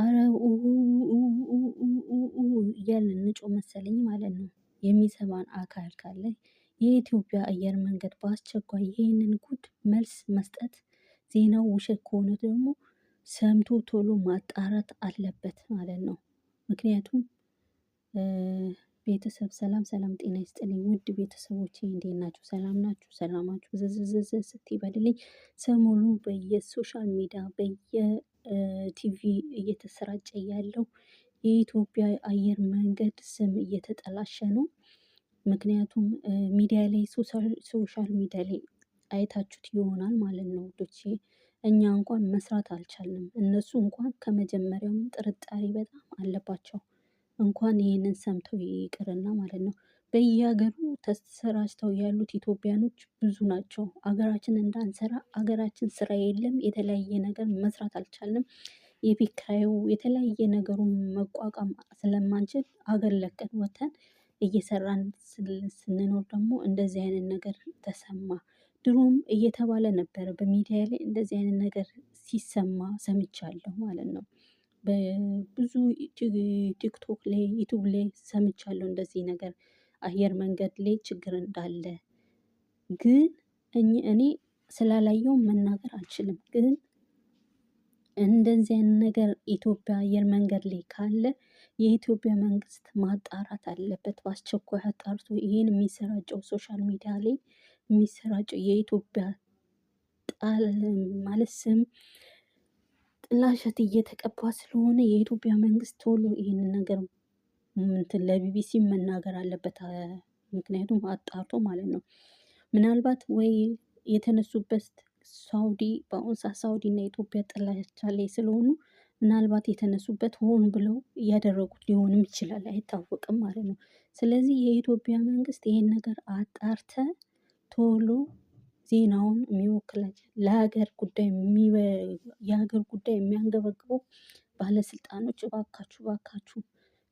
አረ እያልን ንጮ መሰለኝ ማለት ነው። የሚሰማን አካል ካለ የኢትዮጵያ አየር መንገድ በአስቸኳይ ይህንን ጉድ መልስ መስጠት፣ ዜናው ውሸት ከሆነ ደግሞ ሰምቶ ቶሎ ማጣራት አለበት ማለት ነው። ምክንያቱም ቤተሰብ ሰላም ሰላም፣ ጤና ይስጥልኝ ውድ ቤተሰቦቼ፣ እንዴት ናችሁ? ሰላም ናችሁ? ሰላማችሁ ዝዝዝዝ ስት ይበልልኝ። ሰሞኑ በየሶሻል ሚዲያ በየቲቪ እየተሰራጨ ያለው የኢትዮጵያ አየር መንገድ ስም እየተጠላሸ ነው። ምክንያቱም ሚዲያ ላይ ሶሻል ሚዲያ ላይ አይታችሁት ይሆናል ማለት ነው ውዶቼ። እኛ እንኳን መስራት አልቻልንም፣ እነሱ እንኳን ከመጀመሪያውም ጥርጣሬ በጣም አለባቸው። እንኳን ይህንን ሰምተው ይቅርና ማለት ነው በየሀገሩ ተሰራጭተው ያሉት ኢትዮጵያኖች ብዙ ናቸው። አገራችን እንዳንሰራ አገራችን ስራ የለም፣ የተለያየ ነገር መስራት አልቻለም። የቢካዩ የተለያየ ነገሩን መቋቋም ስለማንችል አገር ለቀን ወተን እየሰራን ስንኖር ደግሞ እንደዚህ አይነት ነገር ተሰማ። ድሮም እየተባለ ነበረ በሚዲያ ላይ እንደዚህ አይነት ነገር ሲሰማ ሰምቻለሁ ማለት ነው። በብዙ ቲክቶክ ላይ ዩቱብ ላይ ሰምቻለሁ እንደዚህ ነገር አየር መንገድ ላይ ችግር እንዳለ ግን እኔ ስላላየው መናገር አልችልም። ግን እንደዚህ አይነት ነገር ኢትዮጵያ አየር መንገድ ላይ ካለ የኢትዮጵያ መንግስት ማጣራት አለበት። በአስቸኳይ አጣርቶ ይሄን የሚሰራጨው ሶሻል ሚዲያ ላይ የሚሰራጨው የኢትዮጵያ ጣል ማለት ስም ጥላሸት እየተቀባ ስለሆነ የኢትዮጵያ መንግስት ቶሎ ይህንን ነገር እንትን ለቢቢሲ መናገር አለበት። ምክንያቱም አጣርቶ ማለት ነው። ምናልባት ወይ የተነሱበት ሳውዲ በአሁኑ ሰዓት ሳውዲ እና ኢትዮጵያ ጥላቻ ላይ ስለሆኑ ምናልባት የተነሱበት ሆን ብለው እያደረጉት ሊሆንም ይችላል፣ አይታወቅም ማለት ነው። ስለዚህ የኢትዮጵያ መንግስት ይህን ነገር አጣርተ ቶሎ ዜናውን የሚወክላቸው ለሀገር ጉዳይ የሀገር ጉዳይ የሚያንገበግቡ ባለስልጣኖች እባካችሁ እባካችሁ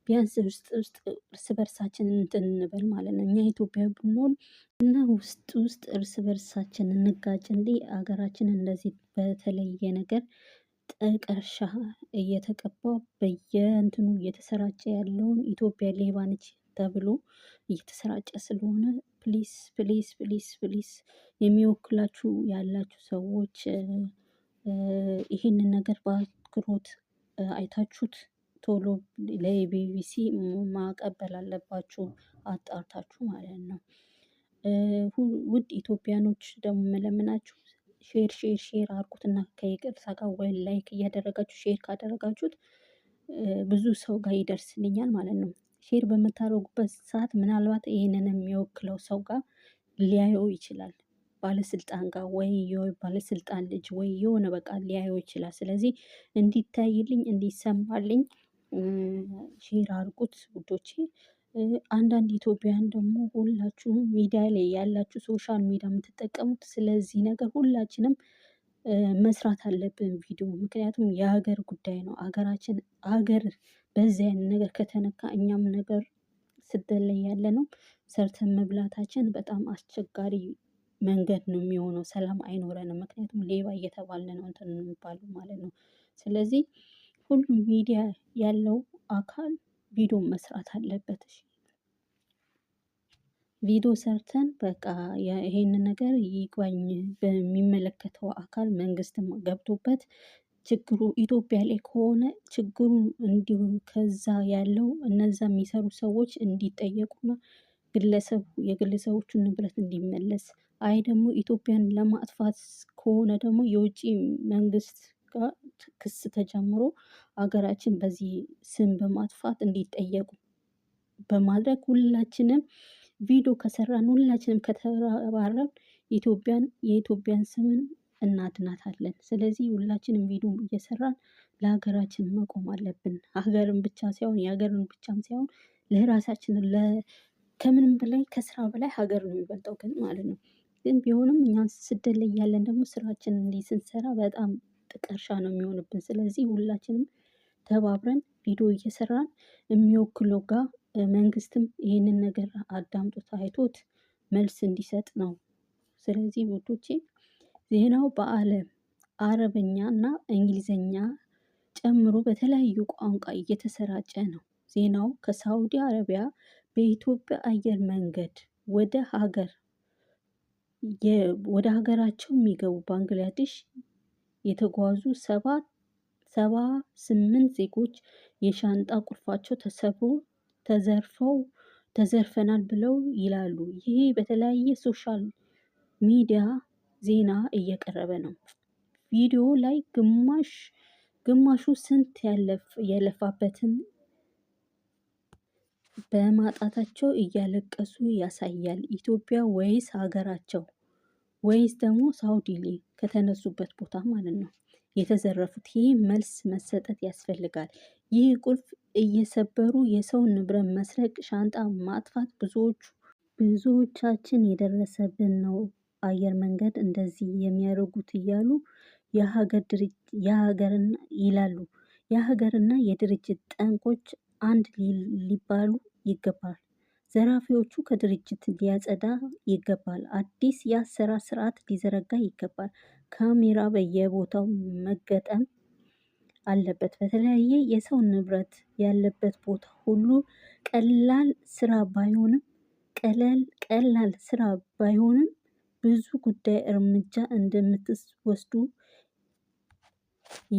ቢያንስ ውስጥ ውስጥ እርስ በርሳችን እንትን እንበል ማለት ነው። እኛ ኢትዮጵያ ብንሆን እና ውስጥ ውስጥ እርስ በርሳችን እንጋጭ እንዲ ሀገራችን እንደዚህ በተለየ ነገር ጥቀርሻ እየተቀባ በየእንትኑ እየተሰራጨ ያለውን ኢትዮጵያ ሌባ ነች ተብሎ እየተሰራጨ ስለሆነ ፕሊስ ፕሊስ ፕሊስ ፕሊስ የሚወክላችሁ ያላችሁ ሰዎች ይህንን ነገር በአትኩሮት አይታችሁት ቶሎ ለቢቢሲ ማቀበል አለባችሁ፣ አጣርታችሁ ማለት ነው። ውድ ኢትዮጵያኖች ደግሞ መለምናችሁ ሼር ሼር ሼር አድርጉትና ከይቅርታ ጋር ወይ ላይክ እያደረጋችሁ ሼር ካደረጋችሁት ብዙ ሰው ጋር ይደርስልኛል ማለት ነው። ሼር በምታደርጉበት ሰዓት ምናልባት ይህንን የሚወክለው ሰው ጋር ሊያየው ይችላል፣ ባለስልጣን ጋር ወይ ባለስልጣን ልጅ ወይ የሆነ በቃ ሊያየው ይችላል። ስለዚህ እንዲታይልኝ እንዲሰማልኝ ሼር አድርጉት ውዶቼ። አንዳንድ ኢትዮጵያውያን ደግሞ ሁላችሁም ሚዲያ ላይ ያላችሁ ሶሻል ሚዲያ የምትጠቀሙት ስለዚህ ነገር ሁላችንም መስራት አለብን ቪዲዮ። ምክንያቱም የሀገር ጉዳይ ነው። ሀገራችን ሀገር በዚህ አይነት ነገር ከተነካ እኛም ነገር ስደለይ ያለ ነው። ሰርተን መብላታችን በጣም አስቸጋሪ መንገድ ነው የሚሆነው። ሰላም አይኖረንም። ምክንያቱም ሌባ እየተባለ ነው እንትን የሚባለው ማለት ነው። ስለዚህ ሁሉም ሚዲያ ያለው አካል ቪዲዮ መስራት አለበት። ቪዲዮ ሰርተን በቃ ይሄንን ነገር ይግባኝ በሚመለከተው አካል መንግስትም ገብቶበት ችግሩ ኢትዮጵያ ላይ ከሆነ ችግሩ እንዲሁ ከዛ ያለው እነዛ የሚሰሩ ሰዎች እንዲጠየቁና ግለሰቡ የግለሰቦቹን ንብረት እንዲመለስ፣ አይ ደግሞ ኢትዮጵያን ለማጥፋት ከሆነ ደግሞ የውጭ መንግስት ጋር ክስ ተጀምሮ ሀገራችን በዚህ ስም በማጥፋት እንዲጠየቁ በማድረግ ሁላችንም ቪዲዮ ከሰራን ሁላችንም ከተባረን ኢትዮጵያን የኢትዮጵያን ስምን እናድናታለን። ስለዚህ ሁላችንም ቪዲዮ እየሰራን ለሀገራችን መቆም አለብን። ሀገርን ብቻ ሳይሆን የሀገርን ብቻም ሳይሆን ለራሳችን ከምንም በላይ ከስራ በላይ ሀገር ነው የሚበልጠው ግን ማለት ነው። ግን ቢሆንም እኛ ስደት ላይ ያለን ደግሞ ስራችን እንዲህ ስንሰራ በጣም ጥቀርሻ ነው የሚሆንብን። ስለዚህ ሁላችንም ተባብረን ቪዲዮ እየሰራን የሚወክለው ጋር መንግስትም ይህንን ነገር አዳምጦት አይቶት መልስ እንዲሰጥ ነው። ስለዚህ ውዶቼ ዜናው በዓለም አረብኛ እና እንግሊዝኛ ጨምሮ በተለያዩ ቋንቋ እየተሰራጨ ነው። ዜናው ከሳውዲ አረቢያ በኢትዮጵያ አየር መንገድ ወደ ሀገር ወደ ሀገራቸው የሚገቡ ባንግላዴሽ የተጓዙ ሰባ ሰባ ስምንት ዜጎች የሻንጣ ቁልፋቸው ተሰብሮ ተዘርፈው ተዘርፈናል ብለው ይላሉ። ይህ በተለያየ ሶሻል ሚዲያ ዜና እየቀረበ ነው። ቪዲዮ ላይ ግማሽ ግማሹ ስንት የለፋበትን በማጣታቸው እያለቀሱ ያሳያል። ኢትዮጵያ ወይስ ሀገራቸው ወይስ ደግሞ ሳውዲ ከተነሱበት ቦታ ማለት ነው። የተዘረፉት። ይህ መልስ መሰጠት ያስፈልጋል። ይህ ቁልፍ እየሰበሩ የሰው ንብረት መስረቅ፣ ሻንጣ ማጥፋት ብዙዎቹ ብዙዎቻችን የደረሰብን ነው። አየር መንገድ እንደዚህ የሚያደርጉት እያሉ የሀገርና ይላሉ የሀገርና የድርጅት ጠንቆች አንድ ሊባሉ ይገባል። ዘራፊዎቹ ከድርጅት ሊያጸዳ ይገባል። አዲስ የአሰራር ስርዓት ሊዘረጋ ይገባል። ካሜራ በየቦታው መገጠም አለበት። በተለያየ የሰው ንብረት ያለበት ቦታ ሁሉ ቀላል ስራ ባይሆንም ቀለል ቀላል ስራ ባይሆንም ብዙ ጉዳይ እርምጃ እንደምትወስዱ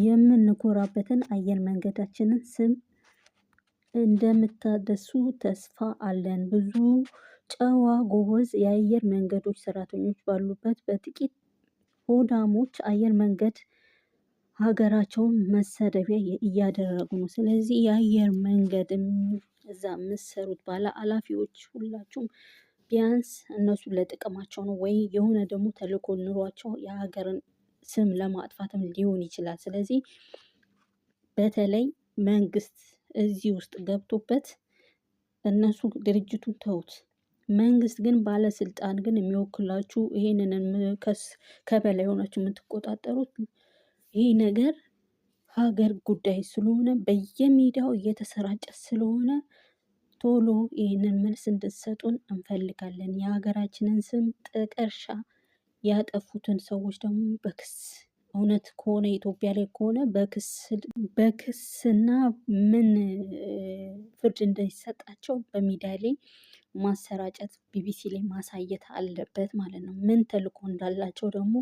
የምንኮራበትን አየር መንገዳችንን ስም እንደምታደሱ ተስፋ አለን። ብዙ ጨዋ ጎበዝ የአየር መንገዶች ሰራተኞች ባሉበት በጥቂት ሆዳሞች አየር መንገድ ሀገራቸውን መሰደቢያ እያደረጉ ነው። ስለዚህ የአየር መንገድ እዛ የምትሰሩት ባለ አላፊዎች ሁላችሁም ቢያንስ እነሱ ለጥቅማቸው ነው ወይ የሆነ ደግሞ ተልእኮ ኑሯቸው የሀገርን ስም ለማጥፋትም ሊሆን ይችላል። ስለዚህ በተለይ መንግስት እዚህ ውስጥ ገብቶበት እነሱ ድርጅቱን ተውት። መንግስት ግን ባለስልጣን ግን የሚወክላችሁ ይሄንን ከስ ከበላይ ሆናችሁ የምትቆጣጠሩት ይህ ነገር ሀገር ጉዳይ ስለሆነ በየሚዲያው እየተሰራጨ ስለሆነ ቶሎ ይህንን መልስ እንድትሰጡን እንፈልጋለን። የሀገራችንን ስም ጥቀርሻ ያጠፉትን ሰዎች ደግሞ በክስ እውነት ከሆነ ኢትዮጵያ ላይ ከሆነ በክስና ምን ፍርድ እንደሚሰጣቸው በሚዲያ ላይ ማሰራጨት ቢቢሲ ላይ ማሳየት አለበት ማለት ነው። ምን ተልእኮ እንዳላቸው ደግሞ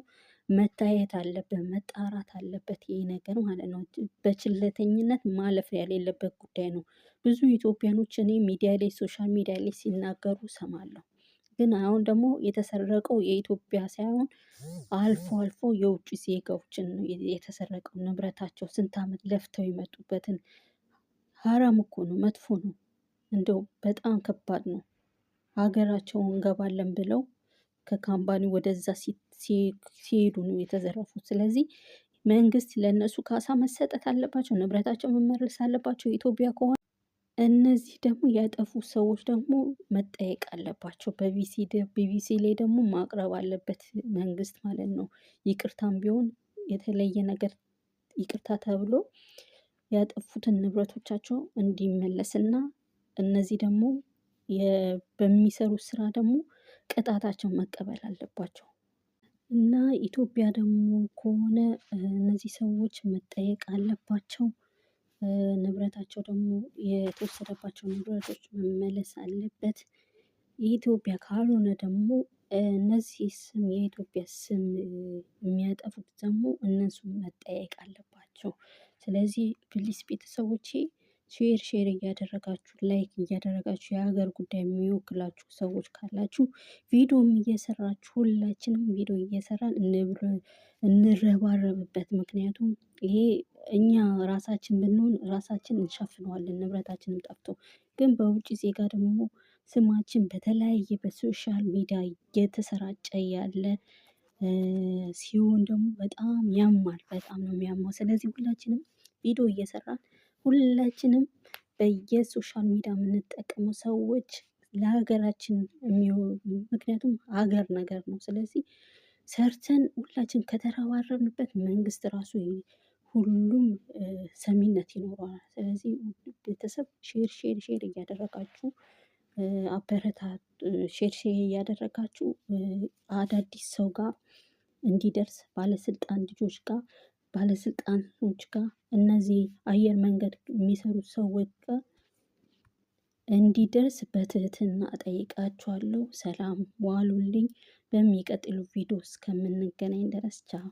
መታየት አለበት፣ መጣራት አለበት። ይህ ነገር ማለት ነው በችለተኝነት ማለፍ የሌለበት ጉዳይ ነው። ብዙ ኢትዮጵያኖች እኔ ሚዲያ ላይ ሶሻል ሚዲያ ላይ ሲናገሩ ሰማለሁ። ግን አሁን ደግሞ የተሰረቀው የኢትዮጵያ ሳይሆን አልፎ አልፎ የውጭ ዜጋዎችን ነው የተሰረቀው ንብረታቸው። ስንት አመት ለፍተው የመጡበትን ሀራም እኮ ነው፣ መጥፎ ነው። እንደው በጣም ከባድ ነው። ሀገራቸው እንገባለን ብለው ከካምፓኒ ወደዛ ሲሄዱ ነው የተዘረፉት። ስለዚህ መንግስት ለእነሱ ካሳ መሰጠት አለባቸው፣ ንብረታቸው መመለስ አለባቸው ኢትዮጵያ ከሆነ። እነዚህ ደግሞ ያጠፉ ሰዎች ደግሞ መጠየቅ አለባቸው። በቢቢሲ ላይ ደግሞ ማቅረብ አለበት መንግስት ማለት ነው። ይቅርታም ቢሆን የተለየ ነገር ይቅርታ ተብሎ ያጠፉትን ንብረቶቻቸው እንዲመለስና እነዚህ ደግሞ በሚሰሩት ስራ ደግሞ ቅጣታቸው መቀበል አለባቸው። እና ኢትዮጵያ ደግሞ ከሆነ እነዚህ ሰዎች መጠየቅ አለባቸው። ንብረታቸው ደግሞ የተወሰደባቸው ንብረቶች መመለስ አለበት። የኢትዮጵያ ካልሆነ ደግሞ እነዚህ ስም የኢትዮጵያ ስም የሚያጠፉት ደግሞ እነሱ መጠየቅ አለባቸው። ስለዚህ ፕሊስ ቤተሰቦቼ ሼር ሼር እያደረጋችሁ ላይክ እያደረጋችሁ የሀገር ጉዳይ የሚወክላችሁ ሰዎች ካላችሁ ቪዲዮም እየሰራችሁ ሁላችንም ቪዲዮ እየሰራን እንረባረብበት። ምክንያቱም ይሄ እኛ ራሳችን ብንሆን ራሳችን እንሸፍነዋለን ንብረታችንም ጠፍቶ፣ ግን በውጭ ዜጋ ደግሞ ስማችን በተለያየ በሶሻል ሚዲያ እየተሰራጨ ያለ ሲሆን ደግሞ በጣም ያማል። በጣም ነው የሚያማው። ስለዚህ ሁላችንም ቪዲዮ እየሰራን ሁላችንም በየሶሻል ሚዲያ የምንጠቀመው ሰዎች ለሀገራችን የሚሆኑ ምክንያቱም ሀገር ነገር ነው። ስለዚህ ሰርተን ሁላችን ከተረባረብንበት መንግስት ራሱ ሁሉም ሰሚነት ይኖረዋል። ስለዚህ ቤተሰብ ሼር ሼር ሼር እያደረጋችሁ አበረታ ሼር ሼር እያደረጋችሁ አዳዲስ ሰው ጋር እንዲደርስ ባለስልጣን ልጆች ጋር ባለስልጣኖች ጋር እነዚህ አየር መንገድ የሚሰሩት ሰዎች ጋር እንዲደርስ በትህትና እጠይቃችኋለሁ። ሰላም ዋሉልኝ። በሚቀጥሉ ቪዲዮ እስከምንገናኝ ድረስ ቻው።